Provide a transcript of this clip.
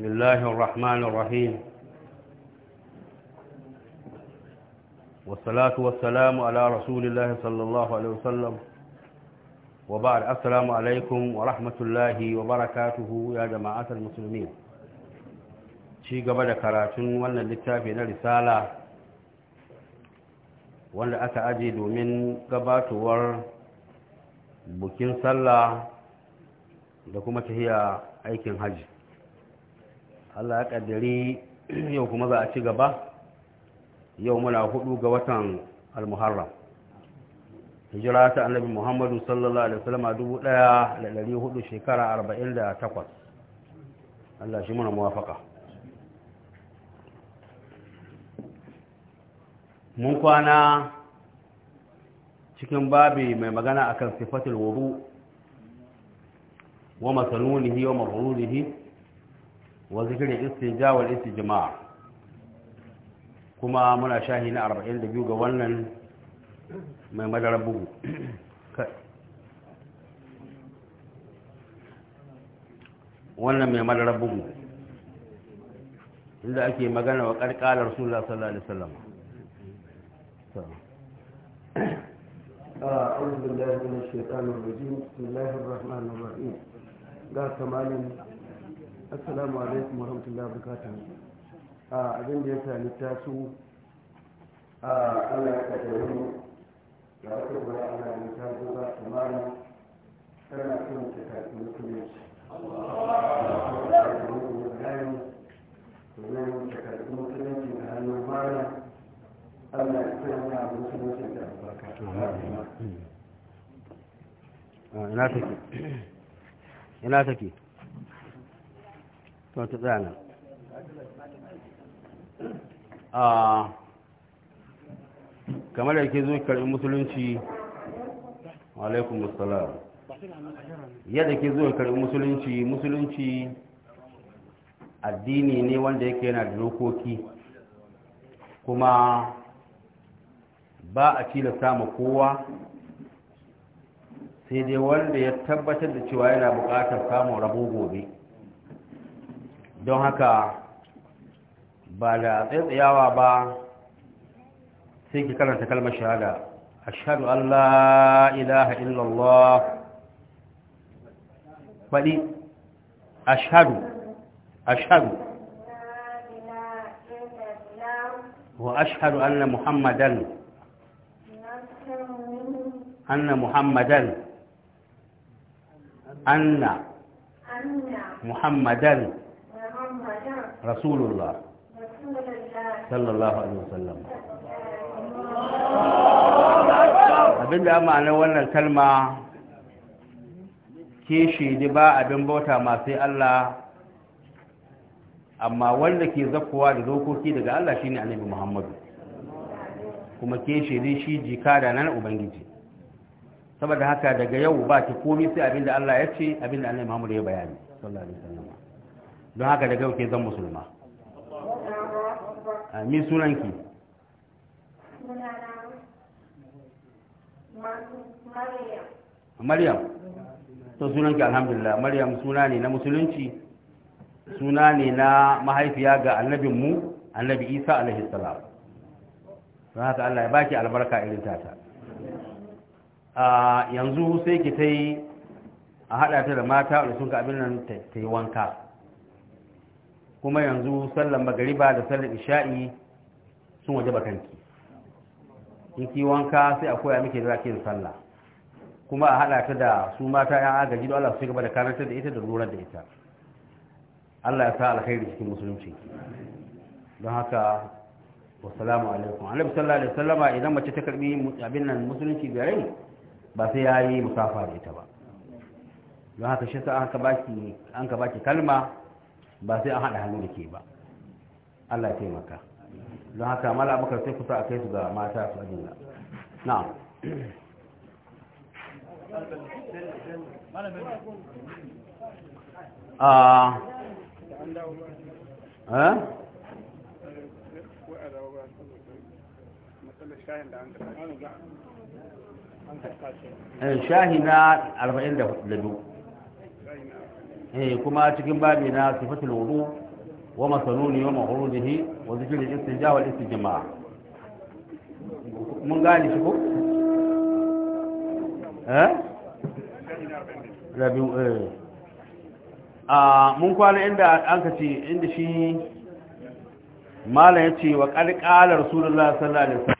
بسم الله الرحمن الرحيم والصلاة والسلام على رسول الله صلى الله عليه وسلم وبعد السلام عليكم ورحمة الله وبركاته يا جماعة المسلمين شي قبل كراتون وانا للتابعين رسالة wanda aka aje domin gabatowar bukin sallah da kuma tahiya aikin hajji Allah ya kaddare yau kuma za a ci gaba yau muna hudu ga watan al-muharram hijira ta annabi muhammadu sallallahu alaihi wasallam dubu daya da dari hudu shekara arba'in da takwas Allah shi muna muwafaka mun kwana cikin babi mai magana akan sifatul wudu wa masalunihi wa marhunihi wa zikirin istija iske jama'a kuma muna shahi na 42 ga wannan mai madarar bugu wannan mai madarar bugu inda ake magana wa karkalar sula sallallahu alaihi أعوذ بالله من الشيطان الرجيم بسم الله الرحمن الرحيم قال كمالين assalamu alaikum wa rahmatullahi wa barakatuhu a abin da ya ta su a Allah ya kace kasaru da wata gwada ana da ta zuba kimanin tana son ta tafi musulunci domin ta karfi musulunci da hannun bana allah ya sanya musulunci da da albarka ina take ina take to kamar da ke zo karɓi musulunci alaikum musulam yadda ke zo karɓi musulunci musulunci addini ne wanda yake yana da dokoki kuma ba a tilasta ma kowa sai dai wanda ya tabbatar da cewa yana bukatar samun rabo gobe don haka ba da tsayawa ba sai ki karanta kalmar shahada ashhadu an la ilaha illallah faɗi ashhadu ashhadu wa ashhadu anna muhammadan anna muhammadan anna anna muhammadan rasulullah sallallahu alaihi wasallam abinda ma'anar wannan kalma kishi ne ba abin bauta masu Allah amma wanda ke zakkowa da dokoki daga Allah shine annabi Muhammadu kuma kishi ne shi jika da nan ubangiji saboda haka daga yau ba ki komai sai abin da Allah ya ce abin da annabi Muhammadu ya bayani sallallahu alaihi wasallam don haka daga yau ke zan musulma mi sunanki maryam to sunanki alhamdulillah maryam suna ne na musulunci suna ne na mahaifiya ga annabinmu annabi isa alaihi salam don haka allah ya baki albarka irin tata yanzu sai ki ta yi a haɗa ta da mata da sun ka abin nan ta yi wanka kuma yanzu sallan magariba da sallan isha'i sun waje bakanki in ki wanka sai a koya miki da za sallah kuma a haɗa ta da su mata yan agaji da Allah su gaba da karantar da ita da rurar da ita Allah ya sa alkhairi cikin musulunci don haka salamu alaikum annabi sallallahu alaihi wasallama idan mace ta karbi abin nan musulunci rai ba sai yayi musafa da ita ba don haka shi sa an ka baki an ka baki kalma ba sai an haɗa hannu da ke ba Allah taimaka don haka mala abokar sai kusa a kai su ga mata su ajin ah. eh? Eh, na shahina 44 eh kuma cikin babi na sifatul wudu wa masaluni wa mahrudihi wa zikri istinja wal istijma mun gane shi ko eh rabi eh a mun kwana inda an ka ce inda shi mala yace wa qalqalar rasulullahi sallallahu alaihi wasallam